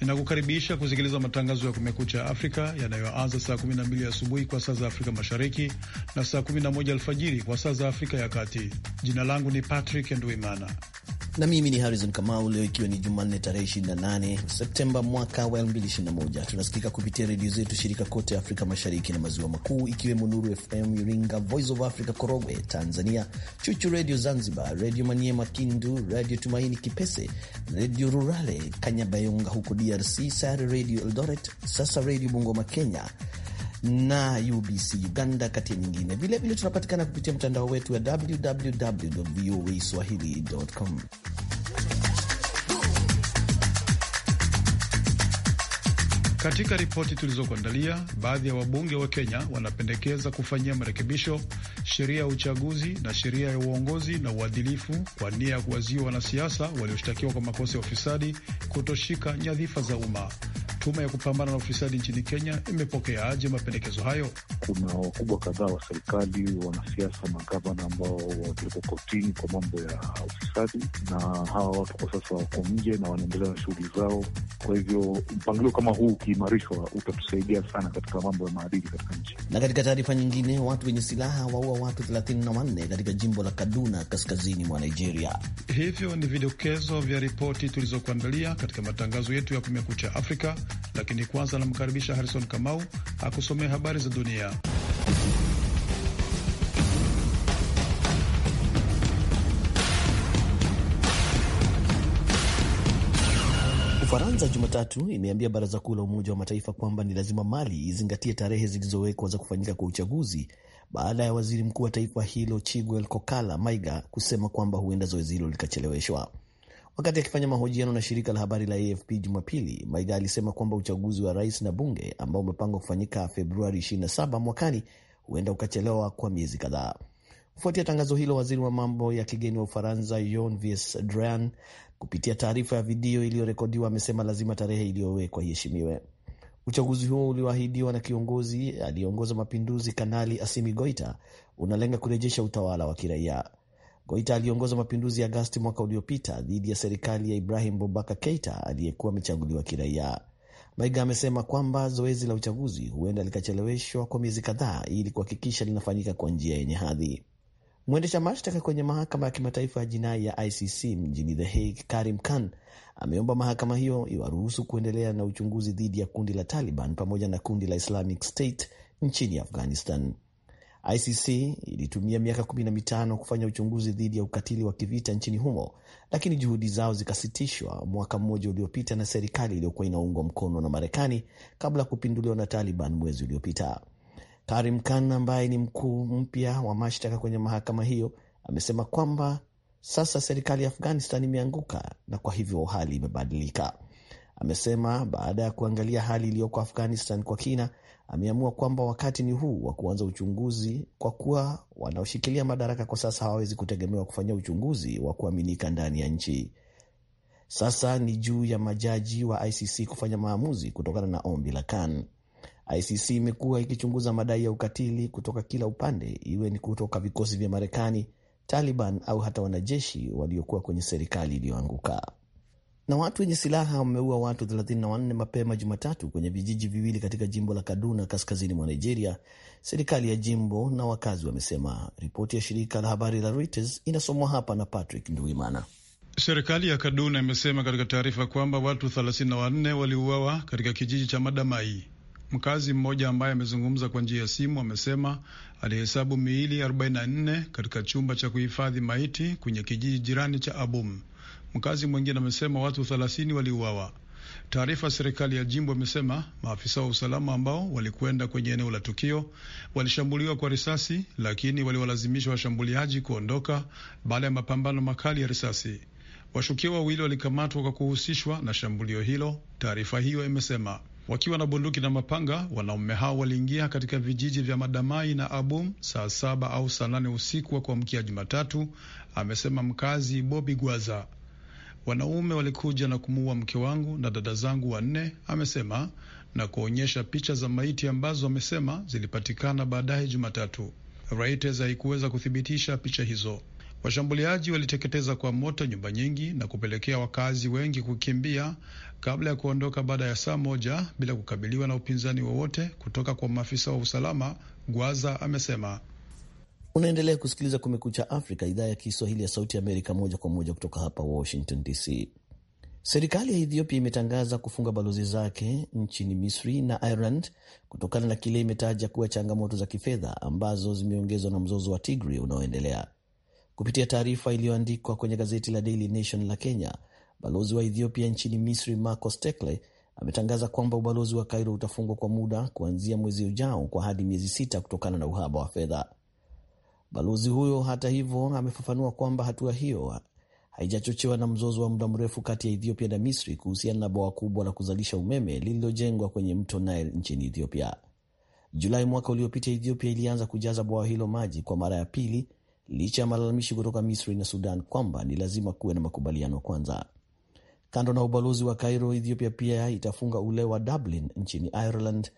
Ninakukaribisha kusikiliza matangazo ya Kumekucha Afrika yanayoanza saa 12 asubuhi kwa saa za Afrika Mashariki na saa 11 alfajiri kwa saa za Afrika ya Kati. Jina langu ni Patrick Ndwimana na mimi ni Harrison Kamau. Leo ikiwa ni Jumanne tarehe 28 Septemba mwaka wa 2021, tunasikika kupitia redio zetu shirika kote Afrika Mashariki na Maziwa Makuu, ikiwemo Nuru FM Iringa, Voice of Africa Korogwe Tanzania, Chuchu Redio Zanzibar, Redio Maniema Kindu, Redio Tumaini Kipese, Redio Rurale Kanyabayonga huko DRC, Sare Redio Eldoret, Sasa Redio Bungoma Kenya, na UBC Uganda, kati ya nyingine. Vilevile tunapatikana kupitia mtandao wetu wa www voa swahili.com. Katika ripoti tulizokuandalia, baadhi ya wabunge wa Kenya wanapendekeza kufanyia marekebisho sheria ya uchaguzi na sheria ya uongozi na uadilifu kwa nia ya kuwazuia wanasiasa walioshtakiwa kwa makosa ya ufisadi kutoshika nyadhifa za umma. Tume ya kupambana na ufisadi nchini Kenya imepokeaje mapendekezo hayo? Kuna wakubwa kadhaa wa serikali, wanasiasa, magavana ambao wako kotini kwa mambo ya ufisadi, na hawa watu kwa sasa wako nje na wanaendelea na shughuli zao. Kwa hivyo mpangilio kama huu ukiimarishwa, utatusaidia sana katika mambo ya maadili katika nchi. Na katika taarifa nyingine, watu wenye silaha waua watu 34 katika jimbo la Kaduna kaskazini mwa Nigeria. Hivyo ni vidokezo vya ripoti tulizokuandalia katika matangazo yetu ya Kumekucha Afrika, lakini kwanza anamkaribisha Harrison Kamau akusomea habari za dunia. Ufaransa Jumatatu imeambia baraza kuu la Umoja wa Mataifa kwamba ni lazima Mali izingatie tarehe zilizowekwa za kufanyika kwa uchaguzi baada ya waziri mkuu wa taifa hilo Chiguel Kokala Maiga kusema kwamba huenda zoezi hilo likacheleweshwa. Wakati akifanya mahojiano na shirika la habari la AFP Jumapili, Maiga alisema kwamba uchaguzi wa rais na bunge ambao umepangwa kufanyika Februari 27 mwakani huenda ukachelewa kwa miezi kadhaa. Kufuatia tangazo hilo, waziri wa mambo ya kigeni wa Ufaransa Yon Yves Drian Kupitia taarifa ya video iliyorekodiwa, amesema lazima tarehe iliyowekwa iheshimiwe. Uchaguzi huo ulioahidiwa na kiongozi aliyeongoza mapinduzi Kanali Asimi Goita unalenga kurejesha utawala wa kiraia. Goita aliongoza mapinduzi ya Agasti mwaka uliopita dhidi ya serikali ya Ibrahim bobaka Keita aliyekuwa amechaguliwa kiraia. Maiga amesema kwamba zoezi la uchaguzi huenda likacheleweshwa kwa miezi kadhaa ili kuhakikisha linafanyika kwa njia yenye hadhi. Mwendesha mashtaka kwenye mahakama ya kimataifa ya jinai ya ICC mjini The Hague, Karim Khan ameomba mahakama hiyo iwaruhusu kuendelea na uchunguzi dhidi ya kundi la Taliban pamoja na kundi la Islamic State nchini Afghanistan. ICC ilitumia miaka kumi na mitano kufanya uchunguzi dhidi ya ukatili wa kivita nchini humo, lakini juhudi zao zikasitishwa mwaka mmoja uliopita na serikali iliyokuwa inaungwa mkono na Marekani kabla ya kupinduliwa na Taliban mwezi uliopita. Karim Khan ambaye ni mkuu mpya wa mashtaka kwenye mahakama hiyo amesema kwamba sasa serikali ya Afghanistan imeanguka na kwa hivyo hali imebadilika. Amesema baada ya kuangalia hali iliyoko Afghanistan kwa kina, ameamua kwamba wakati ni huu wa kuanza uchunguzi, kwa kuwa wanaoshikilia madaraka kwa sasa hawawezi kutegemewa kufanya uchunguzi wa kuaminika ndani ya nchi. Sasa ni juu ya majaji wa ICC kufanya maamuzi kutokana na ombi la Khan. ICC imekuwa ikichunguza madai ya ukatili kutoka kila upande, iwe ni kutoka vikosi vya Marekani, Taliban au hata wanajeshi waliokuwa kwenye serikali iliyoanguka. Na watu wenye silaha wameua watu 34 mapema Jumatatu kwenye vijiji viwili katika jimbo la Kaduna kaskazini mwa Nigeria, serikali ya jimbo na wakazi wamesema. Ripoti ya shirika la habari la Reuters inasomwa hapa na Patrick Nduimana. Serikali ya Kaduna imesema katika taarifa kwamba watu 34 waliuawa katika kijiji cha Madamai. Mkazi mmoja ambaye amezungumza kwa njia ya simu amesema alihesabu miili 44 katika chumba cha kuhifadhi maiti kwenye kijiji jirani cha Abum. Mkazi mwingine amesema watu 30 waliuawa. Taarifa ya serikali ya jimbo imesema maafisa wa usalama ambao walikwenda kwenye eneo la tukio walishambuliwa kwa risasi, lakini waliwalazimisha washambuliaji kuondoka baada ya mapambano makali ya risasi. Washukiwa wawili walikamatwa kwa kuhusishwa na shambulio hilo, taarifa hiyo imesema. Wakiwa na bunduki na mapanga, wanaume hao waliingia katika vijiji vya Madamai na Abum saa saba au saa nane usiku wa kuamkia Jumatatu, amesema mkazi Bobi Gwaza. Wanaume walikuja na kumuua mke wangu na dada zangu wanne, amesema na kuonyesha picha za maiti ambazo amesema zilipatikana baadaye Jumatatu. Reuters haikuweza kuthibitisha picha hizo. Washambuliaji waliteketeza kwa moto nyumba nyingi na kupelekea wakazi wengi kukimbia, kabla ya kuondoka baada ya saa moja bila kukabiliwa na upinzani wowote kutoka kwa maafisa wa usalama, Gwaza amesema. Unaendelea kusikiliza Kumekucha Afrika, idhaa ya Kiswahili ya Sauti Amerika, moja kwa moja kutoka hapa Washington DC. Serikali ya Ethiopia imetangaza kufunga balozi zake nchini Misri na Ireland kutokana na kile imetaja kuwa changamoto za kifedha ambazo zimeongezwa na mzozo wa tigri unaoendelea. Kupitia taarifa iliyoandikwa kwenye gazeti la Daily Nation la Kenya, Balozi wa Ethiopia nchini Misri Marcos Tekle ametangaza kwamba ubalozi wa Cairo utafungwa kwa muda kuanzia mwezi ujao kwa hadi miezi sita kutokana na uhaba wa fedha. Balozi huyo hata hivyo amefafanua kwamba hatua hiyo haijachochewa na mzozo wa muda mrefu kati ya Ethiopia na Misri kuhusiana na bwawa kubwa la kuzalisha umeme lililojengwa kwenye mto Nile nchini Ethiopia. Julai mwaka uliopita, Ethiopia ilianza kujaza bwawa hilo maji kwa mara ya pili licha ya malalamishi kutoka Misri na Sudan kwamba ni lazima kuwe na makubaliano kwanza. Kando na ubalozi wa Cairo, Ethiopia pia itafunga ule wa Dublin nchini Ireland,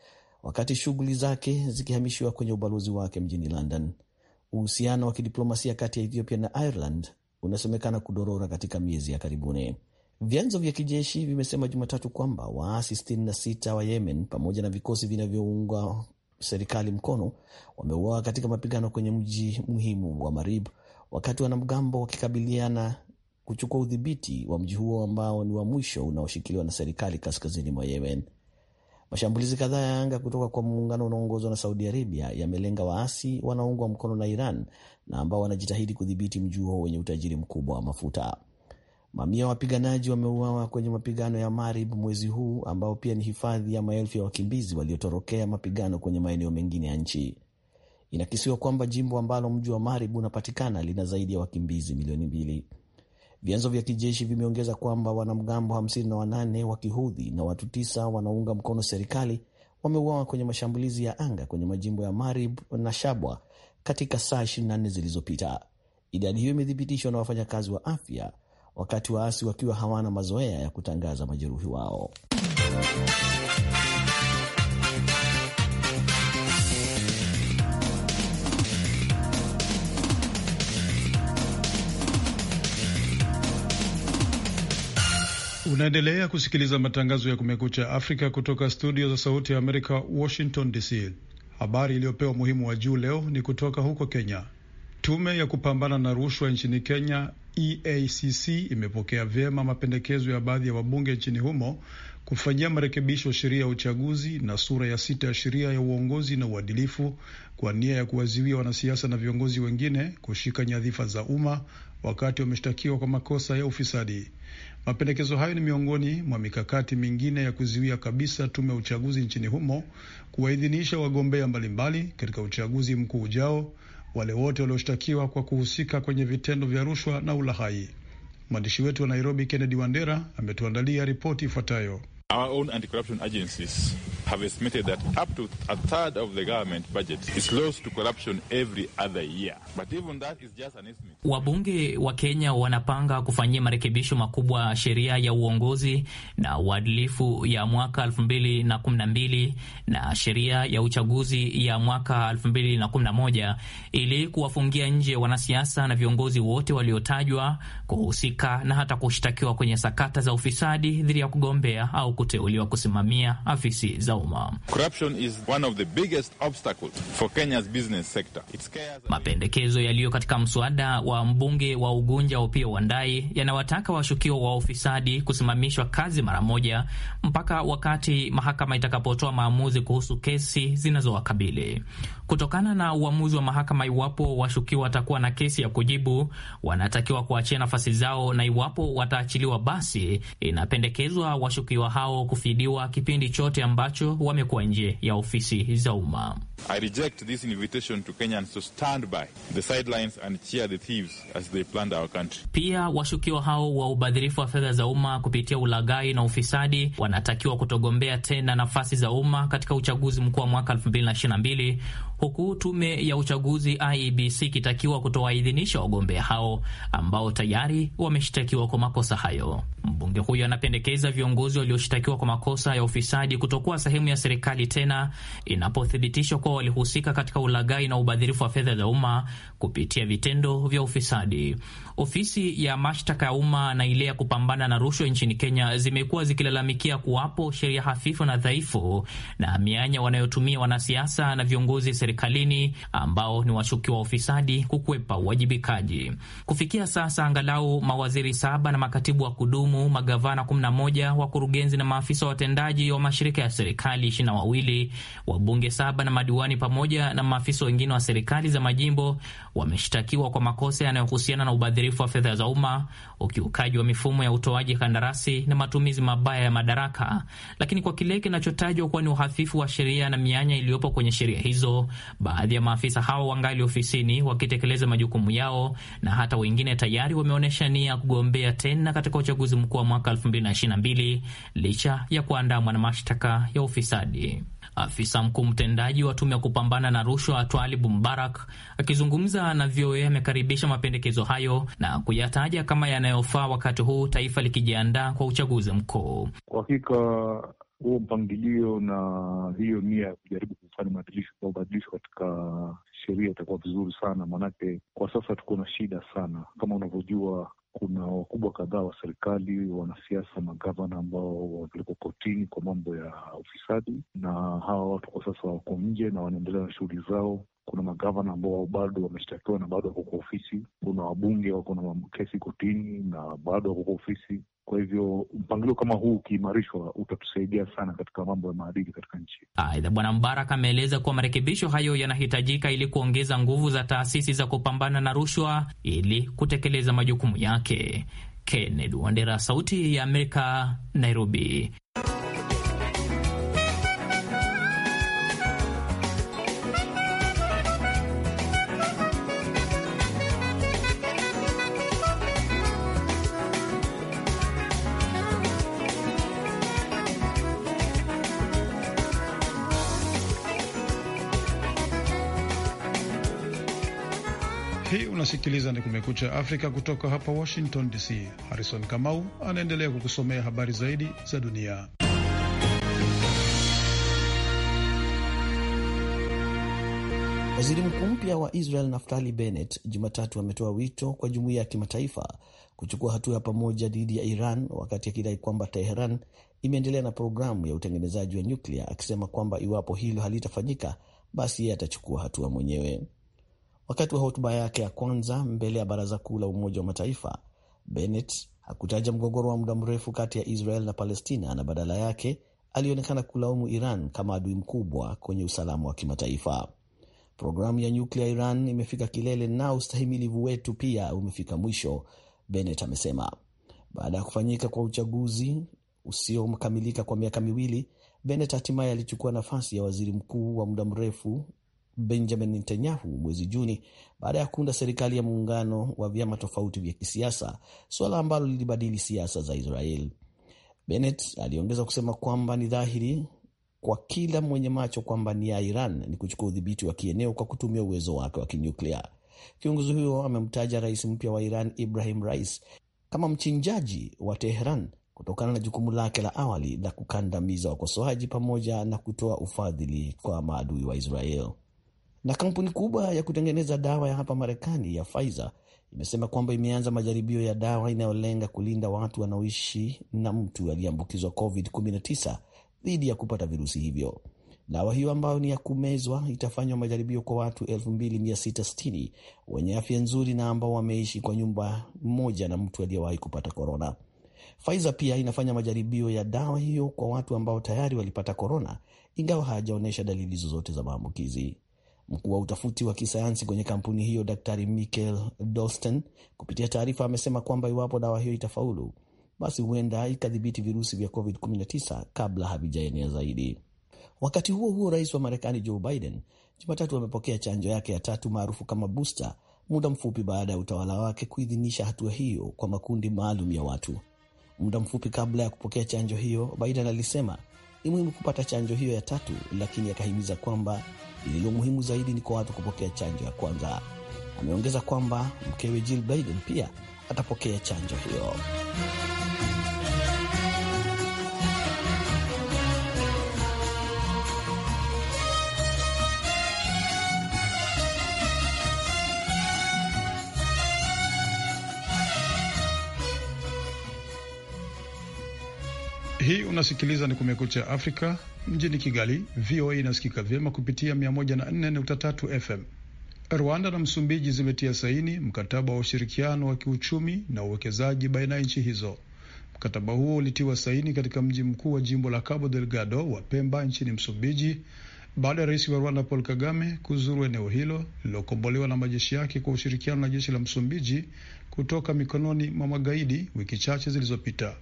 wakati shughuli zake zikihamishiwa kwenye ubalozi wake mjini London. Uhusiano wa kidiplomasia kati ya Ethiopia na Ireland unasemekana kudorora katika miezi ya karibuni. Vyanzo vya kijeshi vimesema Jumatatu kwamba waasi 66 wa Yemen pamoja na vikosi vinavyounga serikali mkono wameuawa katika mapigano kwenye mji muhimu wa Marib, wakati wanamgambo wakikabiliana kuchukua udhibiti wa mji huo ambao ni wa mwisho unaoshikiliwa na serikali kaskazini mwa Yemen. Mashambulizi kadhaa ya anga kutoka kwa muungano unaoongozwa na Saudi Arabia yamelenga waasi wanaoungwa mkono na Iran na ambao wanajitahidi kudhibiti mji huo wenye utajiri mkubwa wa mafuta. Mamia wapiganaji wameuawa kwenye mapigano ya Marib mwezi huu ambao pia ni hifadhi ya maelfu ya wakimbizi waliotorokea mapigano kwenye maeneo mengine ya nchi. Inakisiwa kwamba jimbo ambalo mji wa Marib unapatikana lina zaidi ya wakimbizi milioni mbili. Vyanzo vya kijeshi vimeongeza kwamba wanamgambo 58 wa kihudhi na watu tisa wanaunga mkono serikali wameuawa kwenye mashambulizi ya anga kwenye majimbo ya Marib na Shabwa katika saa 24 zilizopita. Idadi hiyo imethibitishwa na wafanyakazi wa afya, wakati waasi wakiwa hawana mazoea ya kutangaza majeruhi wao. Unaendelea kusikiliza matangazo ya Kumekucha Afrika kutoka studio za Sauti ya Amerika, Washington DC. Habari iliyopewa umuhimu wa juu leo ni kutoka huko Kenya. Tume ya kupambana na rushwa nchini Kenya, EACC, imepokea vyema mapendekezo ya baadhi ya wabunge nchini humo kufanyia marekebisho sheria ya uchaguzi na sura ya sita ya sheria ya uongozi na uadilifu kwa nia ya kuwaziwia wanasiasa na viongozi wengine kushika nyadhifa za umma wakati wameshtakiwa kwa makosa ya ufisadi. Mapendekezo hayo ni miongoni mwa mikakati mingine ya kuziwia kabisa tume ya uchaguzi nchini humo kuwaidhinisha wagombea mbalimbali katika uchaguzi mkuu ujao, wale wote walioshtakiwa kwa kuhusika kwenye vitendo vya rushwa na ulahai. Mwandishi wetu wa Nairobi, Kennedy Wandera, ametuandalia ripoti ifuatayo. Our own anti-corruption agencies have estimated that up to a third of the government budget is lost to corruption every other year. But even that is just an estimate. Wabunge wa Kenya wanapanga kufanyia marekebisho makubwa sheria ya uongozi na uadilifu ya mwaka 2012 na, na sheria ya uchaguzi ya mwaka 2011 ili kuwafungia nje wanasiasa na viongozi wote waliotajwa kuhusika na hata kushtakiwa kwenye sakata za ufisadi dhidi ya kugombea au kuteuliwa kusimamia afisi za umma. Mapendekezo yaliyo katika mswada wa mbunge wa Ugunja Opiyo Wandayi yanawataka washukiwa wa ufisadi kusimamishwa kazi mara moja mpaka wakati mahakama itakapotoa maamuzi kuhusu kesi zinazowakabili. Kutokana na uamuzi wa mahakama, iwapo washukiwa watakuwa na kesi ya kujibu, wanatakiwa kuachia nafasi zao, na iwapo wataachiliwa, basi inapendekezwa washukiwa hao kufidiwa kipindi chote ambacho wamekuwa nje ya ofisi za umma. I reject this invitation to Kenyans to stand by the sidelines and cheer the thieves as they plunder our country. Pia washukiwa hao wa ubadhirifu wa fedha za umma kupitia ulaghai na ufisadi wanatakiwa kutogombea tena nafasi za umma katika uchaguzi mkuu wa mwaka 2022 huku tume ya uchaguzi IEBC ikitakiwa kutowaidhinisha wagombea hao ambao tayari wameshtakiwa kwa makosa hayo. Mbunge huyo anapendekeza viongozi walioshtakiwa kwa makosa ya ufisadi kutokuwa sehemu ya serikali tena inapothibitishwa kwa ambapo walihusika katika ulaghai na ubadhirifu wa fedha za umma kupitia vitendo vya ufisadi. Ofisi ya mashtaka ya umma na ile ya kupambana na rushwa nchini Kenya zimekuwa zikilalamikia kuwapo sheria hafifu na dhaifu na mianya wanayotumia wanasiasa na viongozi serikalini ambao ni washukiwa wa ufisadi kukwepa uwajibikaji. Kufikia sasa, angalau mawaziri saba na makatibu wa kudumu, magavana 11, wakurugenzi na maafisa watendaji wa mashirika ya serikali 22, wabunge saba na madiwani madiwani pamoja na maafisa wengine wa serikali za majimbo wameshtakiwa kwa makosa yanayohusiana na ubadhirifu wa fedha za umma, ukiukaji wa mifumo ya utoaji kandarasi na matumizi mabaya ya madaraka. Lakini kwa kile kinachotajwa kuwa ni uhafifu wa sheria na mianya iliyopo kwenye sheria hizo, baadhi ya maafisa hao wangali ofisini wakitekeleza majukumu yao na hata wengine tayari wameonyesha nia ya kugombea tena katika uchaguzi mkuu wa mwaka 2022 licha ya kuandamwa na mashtaka ya ufisadi. Afisa mkuu mtendaji wa tume ya kupambana na rushwa Twalibu Mbarak akizungumza na VOA amekaribisha mapendekezo hayo na kuyataja kama yanayofaa wakati huu taifa likijiandaa kwa uchaguzi mkuu. Kwa hakika huo mpangilio na hiyo nia ya kujaribu kufanya mabadilisho kwa ubadilisho katika sheria itakuwa vizuri sana, maanake kwa sasa tuko na shida sana. Kama unavyojua, kuna wakubwa kadhaa wa serikali, wanasiasa, magavana ambao wamepelekwa kotini kwa mambo ya ufisadi, na hawa watu kwa sasa wako nje na wanaendelea na shughuli zao. Kuna magavana ambao bado wameshtakiwa na bado wako kwa ofisi. Kuna wabunge wako na kesi kotini na bado wako kwa ofisi. Kwa hivyo mpangilio kama huu ukiimarishwa utatusaidia sana katika mambo ya maadili katika nchi. Aidha, Bwana Mbarak ameeleza kuwa marekebisho hayo yanahitajika ili kuongeza nguvu za taasisi za kupambana na rushwa ili kutekeleza majukumu yake. Kennedy Wandera, Sauti ya Amerika, Nairobi. Unasikiliza ni Kumekucha Afrika kutoka hapa Washington DC. Harrison Kamau anaendelea kukusomea habari zaidi za dunia. Waziri mkuu mpya wa Israel Naftali Bennett Jumatatu ametoa wito kwa jumuiya ya kimataifa kuchukua hatua ya pamoja dhidi ya Iran wakati akidai kwamba Teheran imeendelea na programu ya utengenezaji wa nyuklia, akisema kwamba iwapo hilo halitafanyika, basi yeye atachukua hatua mwenyewe. Wakati wa hotuba yake ya kwanza mbele ya Baraza Kuu la Umoja wa Mataifa, Bennett hakutaja mgogoro wa muda mrefu kati ya Israel na Palestina na badala yake alionekana kulaumu Iran kama adui mkubwa kwenye usalama wa kimataifa. Programu ya nyuklia Iran imefika kilele na ustahimilivu wetu pia umefika mwisho, Bennett amesema. Baada ya kufanyika kwa uchaguzi usiokamilika kwa miaka miwili, Bennett hatimaye alichukua nafasi ya waziri mkuu wa muda mrefu Benjamin Netanyahu mwezi Juni baada ya kuunda serikali ya muungano wa vyama tofauti vya kisiasa, suala ambalo lilibadili siasa za Israel. Bennett aliongeza kusema kwamba ni dhahiri kwa kila mwenye macho kwamba ni ya Iran ni kuchukua udhibiti wa kieneo kwa kutumia uwezo wake wa kinyuklia. Kiongozi huyo amemtaja rais mpya wa Iran Ibrahim Rais kama mchinjaji wa Teheran kutokana na jukumu lake la awali la kukandamiza wakosoaji pamoja na kutoa ufadhili kwa maadui wa Israel. Na kampuni kubwa ya kutengeneza dawa ya hapa Marekani ya Pfizer imesema kwamba imeanza majaribio ya dawa inayolenga kulinda watu wanaoishi na mtu aliyeambukizwa COVID-19 dhidi ya kupata virusi hivyo. Dawa hiyo ambayo ni ya kumezwa itafanywa majaribio kwa watu 2660 wenye afya nzuri na ambao wameishi kwa nyumba moja na mtu aliyewahi kupata korona. Pfizer pia inafanya majaribio ya dawa hiyo kwa watu ambao tayari walipata korona, ingawa hawajaonyesha dalili zozote za maambukizi. Mkuu wa utafiti wa kisayansi kwenye kampuni hiyo Daktari Michael Dolsten kupitia taarifa amesema kwamba iwapo dawa hiyo itafaulu, basi huenda ikadhibiti virusi vya COVID-19 kabla havijaenea zaidi. Wakati huo huo, rais wa Marekani Joe Biden Jumatatu amepokea chanjo yake ya tatu maarufu kama booster, muda mfupi baada ya utawala wake kuidhinisha hatua hiyo kwa makundi maalum ya watu. Muda mfupi kabla ya kupokea chanjo hiyo, Biden alisema ni muhimu kupata chanjo hiyo ya tatu, lakini akahimiza kwamba lililo muhimu zaidi ni kwa watu kupokea chanjo ya kwanza. Ameongeza kwamba mkewe Jill Biden pia atapokea chanjo hiyo. Hii unasikiliza ni Kumekucha Afrika mjini Kigali. VOA inasikika vyema kupitia 104.3 FM. Rwanda na Msumbiji zimetia saini mkataba wa ushirikiano wa kiuchumi na uwekezaji baina ya nchi hizo. Mkataba huo ulitiwa saini katika mji mkuu wa jimbo la Cabo Delgado wa Pemba nchini Msumbiji baada ya rais wa Rwanda Paul Kagame kuzuru eneo hilo lililokombolewa na majeshi yake kwa ushirikiano na jeshi la Msumbiji kutoka mikononi mwa magaidi wiki chache zilizopita.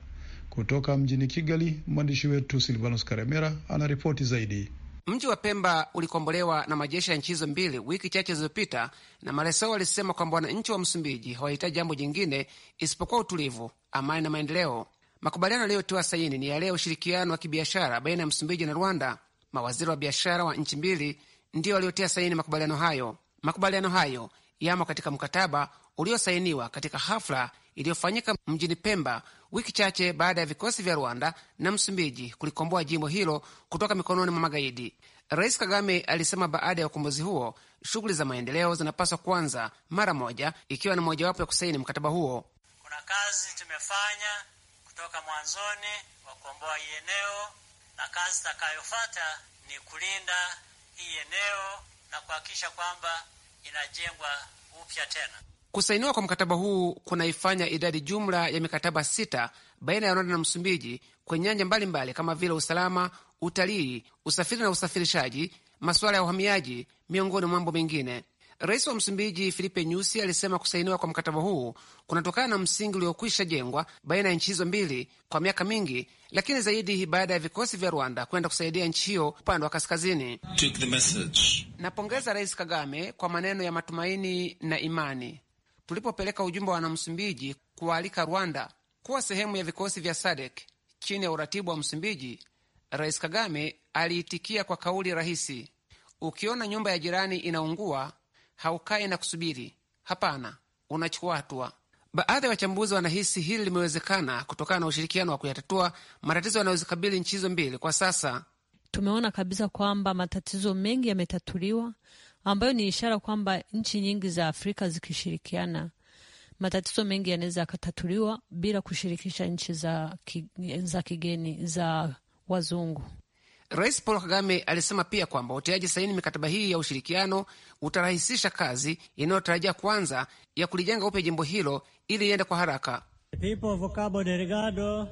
Kutoka mjini Kigali, mwandishi wetu Silvanus Karemera anaripoti zaidi. Mji wa Pemba ulikombolewa na majeshi ya nchi hizo mbili wiki chache zilizopita, na Maresau alisema kwamba wananchi wa Msumbiji hawahitaji jambo jingine isipokuwa utulivu, amani na maendeleo. Makubaliano yaliyotiwa saini ni yale ya ushirikiano wa kibiashara baina ya Msumbiji na Rwanda. Mawaziri wa biashara wa nchi mbili ndio waliotia saini makubaliano hayo. Makubaliano hayo yamo katika mkataba uliosainiwa katika hafla iliyofanyika mjini Pemba wiki chache baada ya vikosi vya Rwanda na Msumbiji kulikomboa jimbo hilo kutoka mikononi mwa magaidi. Rais Kagame alisema baada ya ukombozi huo shughuli za maendeleo zinapaswa kuanza mara moja, ikiwa ni mojawapo ya kusaini mkataba huo. Kuna kazi tumefanya kutoka mwanzoni wa kukomboa hii eneo, na kazi itakayofata ni kulinda hii eneo na kuhakikisha kwamba inajengwa upya tena. Kusainiwa kwa mkataba huu kunaifanya idadi jumla ya mikataba sita baina ya Rwanda na Msumbiji kwenye nyanja mbalimbali kama vile usalama, utalii, usafiri na usafirishaji, masuala ya uhamiaji, miongoni mwa mambo mengine. Rais wa Msumbiji Filipe Nyusi alisema kusainiwa kwa mkataba huu kunatokana na msingi uliokwisha jengwa baina ya nchi hizo mbili kwa miaka mingi, lakini zaidi baada ya vikosi vya Rwanda kwenda kusaidia nchi hiyo upande wa kaskazini. Napongeza Rais Kagame kwa maneno ya matumaini na imani tulipopeleka ujumbe wa wanamsumbiji kuwaalika Rwanda kuwa sehemu ya vikosi vya sadek chini ya uratibu wa Msumbiji, Rais Kagame aliitikia kwa kauli rahisi, ukiona nyumba ya jirani inaungua haukae na kusubiri. Hapana, unachukua hatua. Baadhi ya wachambuzi wanahisi hili limewezekana kutokana na ushirikiano wa kuyatatua matatizo yanayozikabili nchi hizo mbili. Kwa sasa tumeona kabisa kwamba matatizo mengi yametatuliwa ambayo ni ishara kwamba nchi nyingi za Afrika zikishirikiana, matatizo mengi yanaweza yakatatuliwa bila kushirikisha nchi za, ki, za kigeni za wazungu. Rais Paul Kagame alisema pia kwamba utiaji saini mikataba hii ya ushirikiano utarahisisha kazi inayotarajia kwanza ya kulijenga upya jimbo hilo ili iende kwa haraka. The people of Cabo Delgado,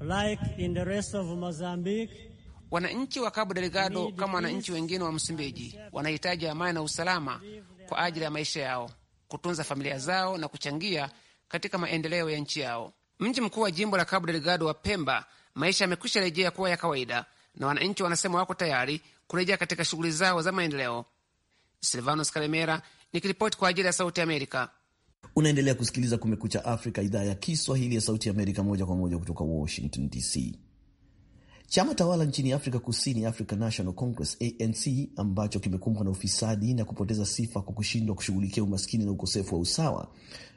like in the rest of Mozambique, Wananchi wa Cabo Delgado kama wananchi wengine wa Msumbiji wanahitaji amani na usalama kwa ajili ya maisha yao, kutunza familia zao na kuchangia katika maendeleo ya nchi yao. Mji mkuu wa jimbo la Cabo Delgado wa Pemba, maisha yamekwisha rejea kuwa ya kawaida na wananchi wanasema wako tayari kurejea katika shughuli zao za maendeleo. Silvanos Karemera nikiripoti kwa ajili ya Sauti Amerika. Unaendelea kusikiliza Kumekucha Afrika, idhaa ya Kiswahili ya Sauti Amerika, moja kwa moja kutoka Washington DC. Chama tawala nchini Afrika Kusini, African National Congress ANC, ambacho kimekumbwa na ufisadi na kupoteza sifa kwa kushindwa kushughulikia umaskini na ukosefu wa usawa,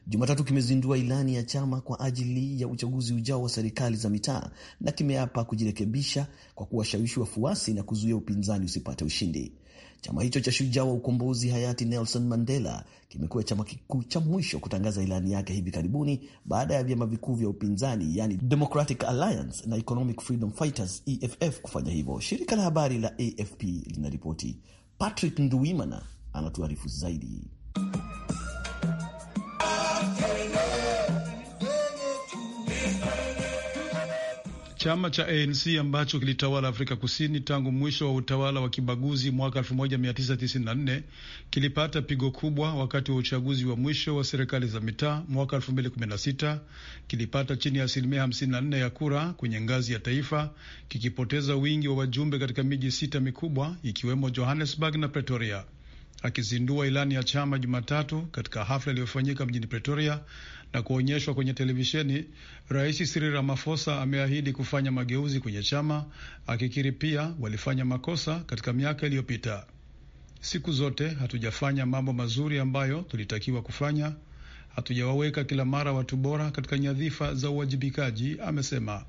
Jumatatu kimezindua ilani ya chama kwa ajili ya uchaguzi ujao wa serikali za mitaa na kimeapa kujirekebisha kwa kuwashawishi wafuasi na kuzuia upinzani usipate ushindi. Chama hicho cha shujaa wa ukombozi hayati Nelson Mandela kimekuwa chama kikuu cha mwisho kutangaza ilani yake hivi karibuni baada ya vyama vikuu vya upinzani yani Democratic Alliance na Economic Freedom Fighters EFF kufanya hivyo. Shirika la habari la AFP linaripoti. Patrick Nduwimana anatuarifu zaidi. Chama cha ANC ambacho kilitawala Afrika Kusini tangu mwisho wa utawala wa kibaguzi mwaka 1994 kilipata pigo kubwa wakati wa uchaguzi wa mwisho wa serikali za mitaa mwaka 2016. Kilipata chini ya asilimia 54 ya kura kwenye ngazi ya taifa, kikipoteza wingi wa wajumbe katika miji sita mikubwa ikiwemo Johannesburg na Pretoria akizindua ilani ya chama Jumatatu katika hafla iliyofanyika mjini Pretoria na kuonyeshwa kwenye televisheni, Rais Cyril Ramaphosa ameahidi kufanya mageuzi kwenye chama, akikiri pia walifanya makosa katika miaka iliyopita. Siku zote hatujafanya mambo mazuri ambayo tulitakiwa kufanya, hatujawaweka kila mara watu bora katika nyadhifa za uwajibikaji, amesema.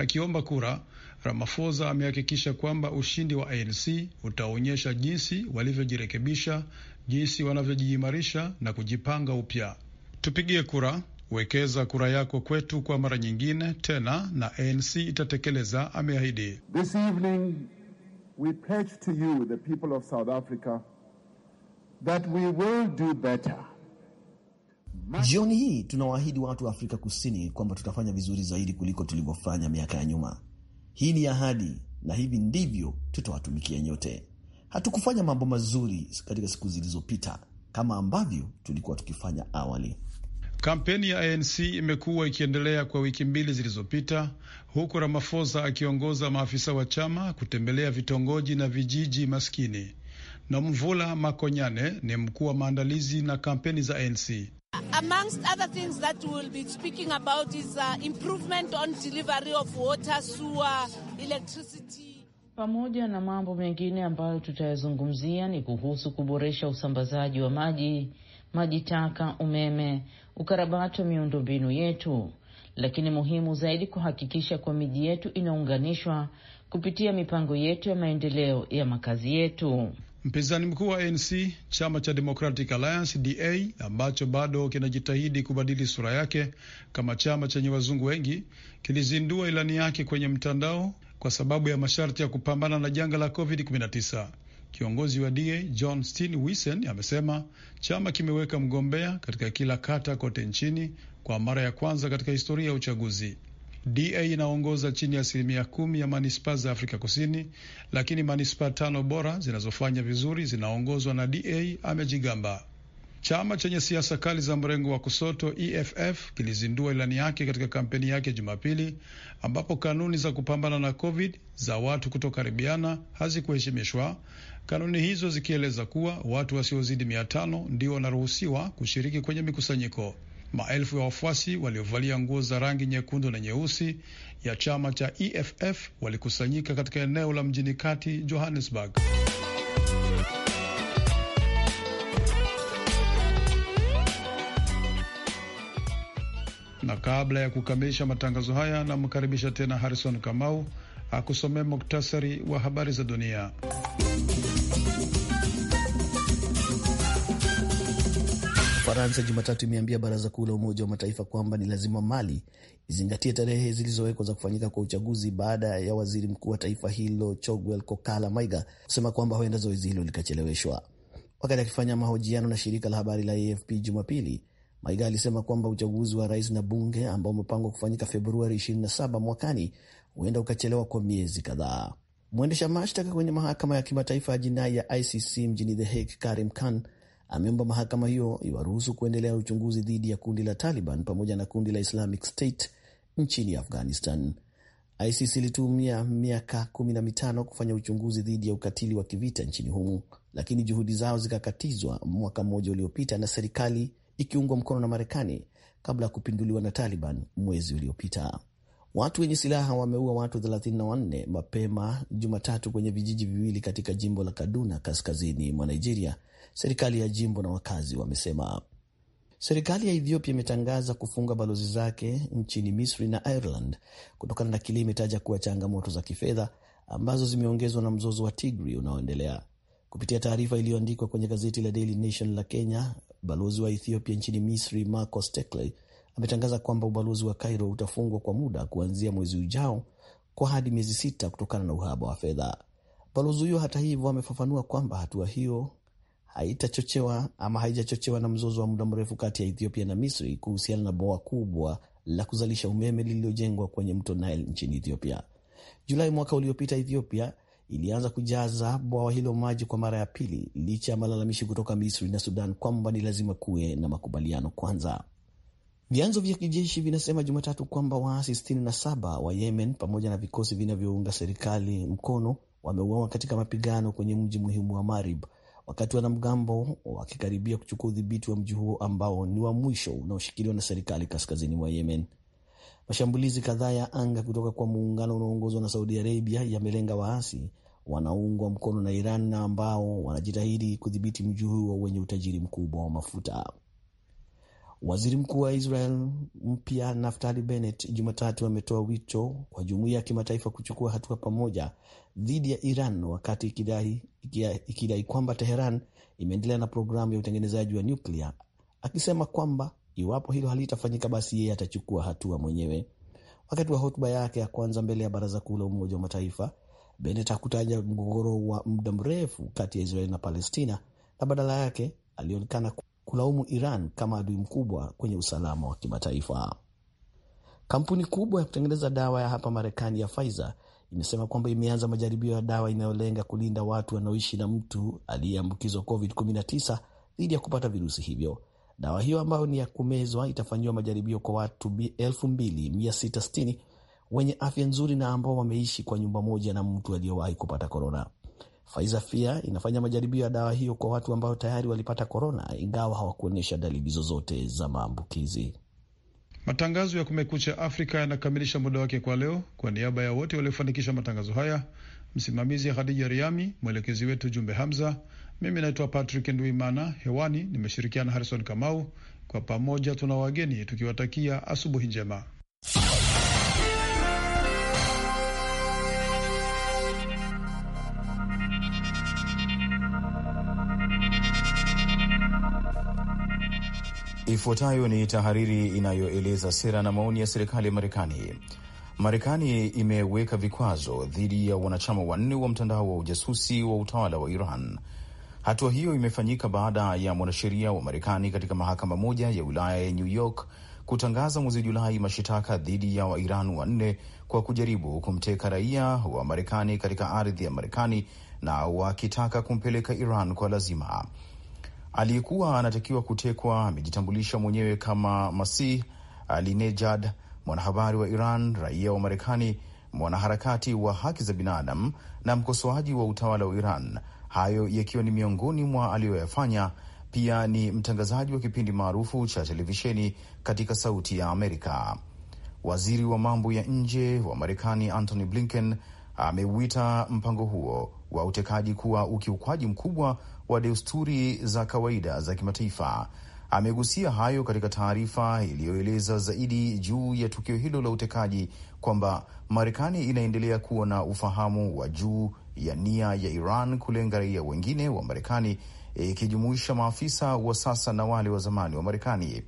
Akiomba kura, Ramaphosa amehakikisha kwamba ushindi wa ANC utaonyesha jinsi walivyojirekebisha, jinsi wanavyojiimarisha na kujipanga upya. Tupigie kura, wekeza kura yako kwetu kwa mara nyingine tena, na ANC itatekeleza, ameahidi. This evening we pledge to you the people of South Africa that we will do better Jioni hii tunawaahidi watu wa Afrika Kusini kwamba tutafanya vizuri zaidi kuliko tulivyofanya miaka ya nyuma. Hii ni ahadi, na hivi ndivyo tutawatumikia nyote. Hatukufanya mambo mazuri katika siku zilizopita kama ambavyo tulikuwa tukifanya awali. Kampeni ya ANC imekuwa ikiendelea kwa wiki mbili zilizopita, huku ramafosa akiongoza maafisa wa chama kutembelea vitongoji na vijiji maskini. Nomvula Makonyane ni mkuu wa maandalizi na kampeni za ANC. Amongst other things that we'll be speaking about is uh, improvement on delivery of water, sewer, electricity. Pamoja na mambo mengine ambayo tutayazungumzia ni kuhusu kuboresha usambazaji wa maji, maji taka, umeme, ukarabati wa miundombinu yetu, lakini muhimu zaidi kuhakikisha kwa miji yetu inaunganishwa kupitia mipango yetu ya maendeleo ya makazi yetu. Mpinzani mkuu wa ANC chama cha Democratic Alliance DA ambacho bado kinajitahidi kubadili sura yake kama chama chenye wazungu wengi kilizindua ilani yake kwenye mtandao kwa sababu ya masharti ya kupambana na janga la COVID-19. Kiongozi wa DA John Steenhuisen amesema chama kimeweka mgombea katika kila kata kote nchini kwa mara ya kwanza katika historia ya uchaguzi. DA inaongoza chini ya asilimia kumi ya manispaa za Afrika Kusini, lakini manispaa tano bora zinazofanya vizuri zinaongozwa na DA, amejigamba. Chama chenye siasa kali za mrengo wa kusoto EFF kilizindua ilani yake katika kampeni yake Jumapili, ambapo kanuni za kupambana na COVID za watu kutokaribiana hazikuheshimishwa, kanuni hizo zikieleza kuwa watu wasiozidi mia tano ndio wanaruhusiwa kushiriki kwenye mikusanyiko. Maelfu ya wafuasi waliovalia nguo za rangi nyekundu na nyeusi ya chama cha EFF walikusanyika katika eneo la mjini kati Johannesburg. Na kabla ya kukamilisha matangazo haya, namkaribisha tena Harrison Kamau akusomea muktasari wa habari za dunia. Ufaransa Jumatatu imeambia baraza kuu la Umoja wa Mataifa kwamba ni lazima Mali izingatie tarehe zilizowekwa za kufanyika kwa uchaguzi baada ya waziri mkuu wa taifa hilo Choguel Kokala Maiga kusema kwamba huenda zoezi hilo likacheleweshwa. Wakati akifanya mahojiano na shirika la habari la AFP Jumapili, Maiga alisema kwamba uchaguzi wa rais na bunge ambao umepangwa kufanyika Februari 27 mwakani huenda ukachelewa kwa miezi kadhaa. Mwendesha mashtaka kwenye mahakama ya kimataifa ya jinai ya ICC mjini The Hague, Karim Khan ameomba mahakama hiyo iwaruhusu kuendelea uchunguzi dhidi ya kundi la Taliban pamoja na kundi la Islamic State nchini Afghanistan. ICC ilitumia miaka kumi na mitano kufanya uchunguzi dhidi ya ukatili wa kivita nchini humo, lakini juhudi zao zikakatizwa mwaka mmoja uliopita na serikali ikiungwa mkono na Marekani kabla ya kupinduliwa na Taliban mwezi uliopita. Watu wenye silaha wameua watu 34 mapema Jumatatu kwenye vijiji viwili katika jimbo la Kaduna kaskazini mwa Nigeria, serikali ya jimbo na wakazi wamesema. Serikali ya Ethiopia imetangaza kufunga balozi zake nchini Misri na Ireland kutokana na kile imetaja kuwa changamoto za kifedha ambazo zimeongezwa na mzozo wa Tigri unaoendelea. Kupitia taarifa iliyoandikwa kwenye gazeti la Daily Nation la Kenya, balozi wa Ethiopia nchini Misri Marcos Tekley ametangaza kwamba ubalozi wa Cairo utafungwa kwa muda kuanzia mwezi ujao kwa hadi miezi sita kutokana na uhaba wa fedha. Balozi huyo hata hivyo amefafanua kwamba hatua hiyo haitachochewa ama haijachochewa na mzozo wa muda mrefu kati ya Ethiopia na Misri kuhusiana na bwawa kubwa la kuzalisha umeme lililojengwa kwenye mto Nile nchini Ethiopia. Julai mwaka uliopita, Ethiopia ilianza kujaza bwawa hilo maji kwa mara ya pili licha ya malalamishi kutoka Misri na Sudan kwamba ni lazima kuwe na makubaliano kwanza. Vyanzo vya kijeshi vinasema Jumatatu kwamba waasi 67 wa Yemen pamoja na vikosi vinavyounga serikali mkono wameuawa katika mapigano kwenye mji muhimu wa Marib wakati wanamgambo wakikaribia kuchukua udhibiti wa mji huo ambao ni wa mwisho unaoshikiliwa na serikali kaskazini mwa Yemen. Mashambulizi kadhaa ya anga kutoka kwa muungano unaoongozwa na Saudi Arabia yamelenga waasi wanaoungwa mkono na Iran na ambao wanajitahidi kudhibiti mji huo wenye utajiri mkubwa wa mafuta. Waziri mkuu wa Israel mpya Naftali Bennett Jumatatu ametoa wito kwa jumuiya ya kimataifa kuchukua hatua pamoja dhidi ya Iran wakati ikidai, kwamba Teheran imeendelea na programu ya utengenezaji wa nyuklia, akisema kwamba iwapo hilo halitafanyika basi yeye atachukua hatua mwenyewe. Wakati wa hotuba yake ya kwanza mbele ya Baraza Kuu la Umoja wa Mataifa, Bennett hakutaja mgogoro wa muda mrefu kati ya Israel na Palestina na badala yake alionekana kulaumu Iran kama adui mkubwa kwenye usalama wa kimataifa. Kampuni kubwa ya kutengeneza dawa ya hapa Marekani ya Pfizer imesema kwamba imeanza majaribio ya dawa inayolenga kulinda watu wanaoishi na mtu aliyeambukizwa COVID-19 dhidi ya kupata virusi hivyo. Dawa hiyo ambayo ni ya kumezwa itafanyiwa majaribio kwa watu 2660 wenye afya nzuri na ambao wameishi kwa nyumba moja na mtu aliyewahi kupata korona. Pfizer pia inafanya majaribio ya dawa hiyo kwa watu ambao tayari walipata korona, ingawa hawakuonyesha dalili zozote za maambukizi. Matangazo ya Kumekucha Afrika yanakamilisha muda wake kwa leo. Kwa niaba ya wote waliofanikisha matangazo haya, msimamizi Khadija Riami, mwelekezi wetu Jumbe Hamza, mimi naitwa Patrick Nduimana. Hewani nimeshirikiana Harrison Kamau. Kwa pamoja tuna wageni tukiwatakia asubuhi njema. Ifuatayo ni tahariri inayoeleza sera na maoni ya serikali ya Marekani. Marekani imeweka vikwazo dhidi ya wanachama wanne wa mtandao wa ujasusi wa utawala wa Iran. Hatua hiyo imefanyika baada ya mwanasheria wa Marekani katika mahakama moja ya wilaya ya New York kutangaza mwezi Julai mashitaka dhidi ya Wairan wanne kwa kujaribu kumteka raia wa Marekani katika ardhi ya Marekani na wakitaka kumpeleka Iran kwa lazima aliyekuwa anatakiwa kutekwa amejitambulisha mwenyewe kama Masih Alinejad, mwanahabari wa Iran, raia wa Marekani, mwanaharakati wa haki za binadamu na mkosoaji wa utawala wa Iran. Hayo yakiwa ni miongoni mwa aliyoyafanya. Pia ni mtangazaji wa kipindi maarufu cha televisheni katika Sauti ya Amerika. Waziri wa mambo ya nje wa Marekani Antony Blinken ameuita mpango huo wa utekaji kuwa ukiukwaji mkubwa wa desturi za kawaida za kimataifa. Amegusia hayo katika taarifa iliyoeleza zaidi juu ya tukio hilo la utekaji kwamba Marekani inaendelea kuwa na ufahamu wa juu ya nia ya Iran kulenga raia wengine wa Marekani ikijumuisha e, maafisa wa sasa na wale wa zamani wa Marekani.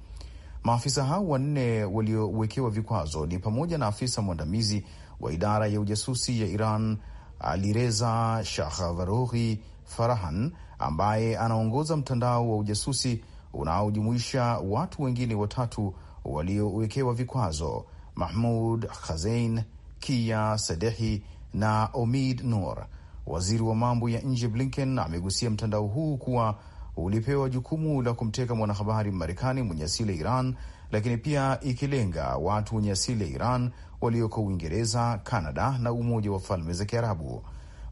Maafisa hao wanne waliowekewa vikwazo ni pamoja na afisa mwandamizi wa idara ya ujasusi ya Iran Alireza Shahavarohi Farahan ambaye anaongoza mtandao wa ujasusi unaojumuisha watu wengine watatu waliowekewa vikwazo: Mahmud Khazein, Kia Sadehi na Omid Nur. Waziri wa mambo ya nje Blinken amegusia mtandao huu kuwa ulipewa jukumu la kumteka mwanahabari Marekani mwenye asili ya Iran, lakini pia ikilenga watu wenye asili ya Iran walioko Uingereza, Kanada na Umoja wa Falme za Kiarabu.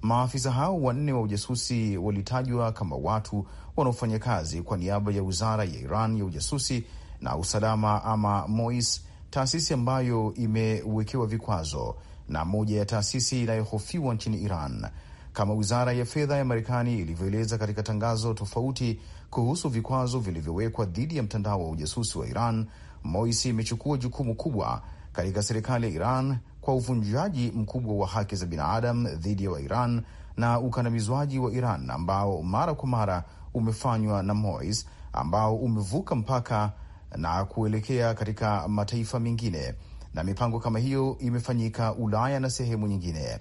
Maafisa hao wanne wa ujasusi walitajwa kama watu wanaofanya kazi kwa niaba ya wizara ya Iran ya ujasusi na usalama ama MOIS, taasisi ambayo imewekewa vikwazo na moja ya taasisi inayohofiwa nchini Iran. Kama wizara ya fedha ya Marekani ilivyoeleza katika tangazo tofauti kuhusu vikwazo vilivyowekwa dhidi ya mtandao wa ujasusi wa Iran, MOIS imechukua jukumu kubwa katika serikali ya Iran kwa uvunjaji mkubwa wa haki za binadamu dhidi ya Wairan na ukandamizwaji wa Iran ambao mara kwa mara umefanywa na Mois ambao umevuka mpaka na kuelekea katika mataifa mengine, na mipango kama hiyo imefanyika Ulaya na sehemu nyingine.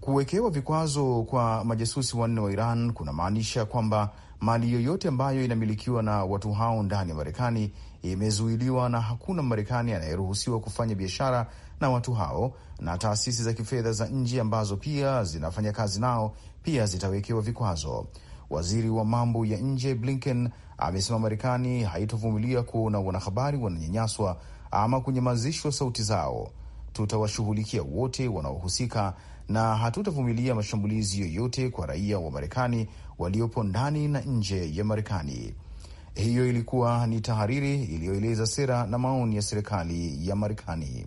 Kuwekewa vikwazo kwa majasusi wanne wa Iran kunamaanisha kwamba mali yoyote ambayo inamilikiwa na watu hao ndani ya Marekani imezuiliwa na hakuna marekani anayeruhusiwa kufanya biashara na watu hao na taasisi za kifedha za nje ambazo pia zinafanya kazi nao pia zitawekewa vikwazo. Waziri wa mambo ya nje Blinken amesema Marekani haitovumilia kuona wanahabari wananyanyaswa ama kunyamazishwa sauti zao. Tutawashughulikia wote wanaohusika na hatutavumilia mashambulizi yoyote kwa raia wa Marekani waliopo ndani na nje ya Marekani. Hiyo ilikuwa ni tahariri iliyoeleza sera na maoni ya serikali ya Marekani.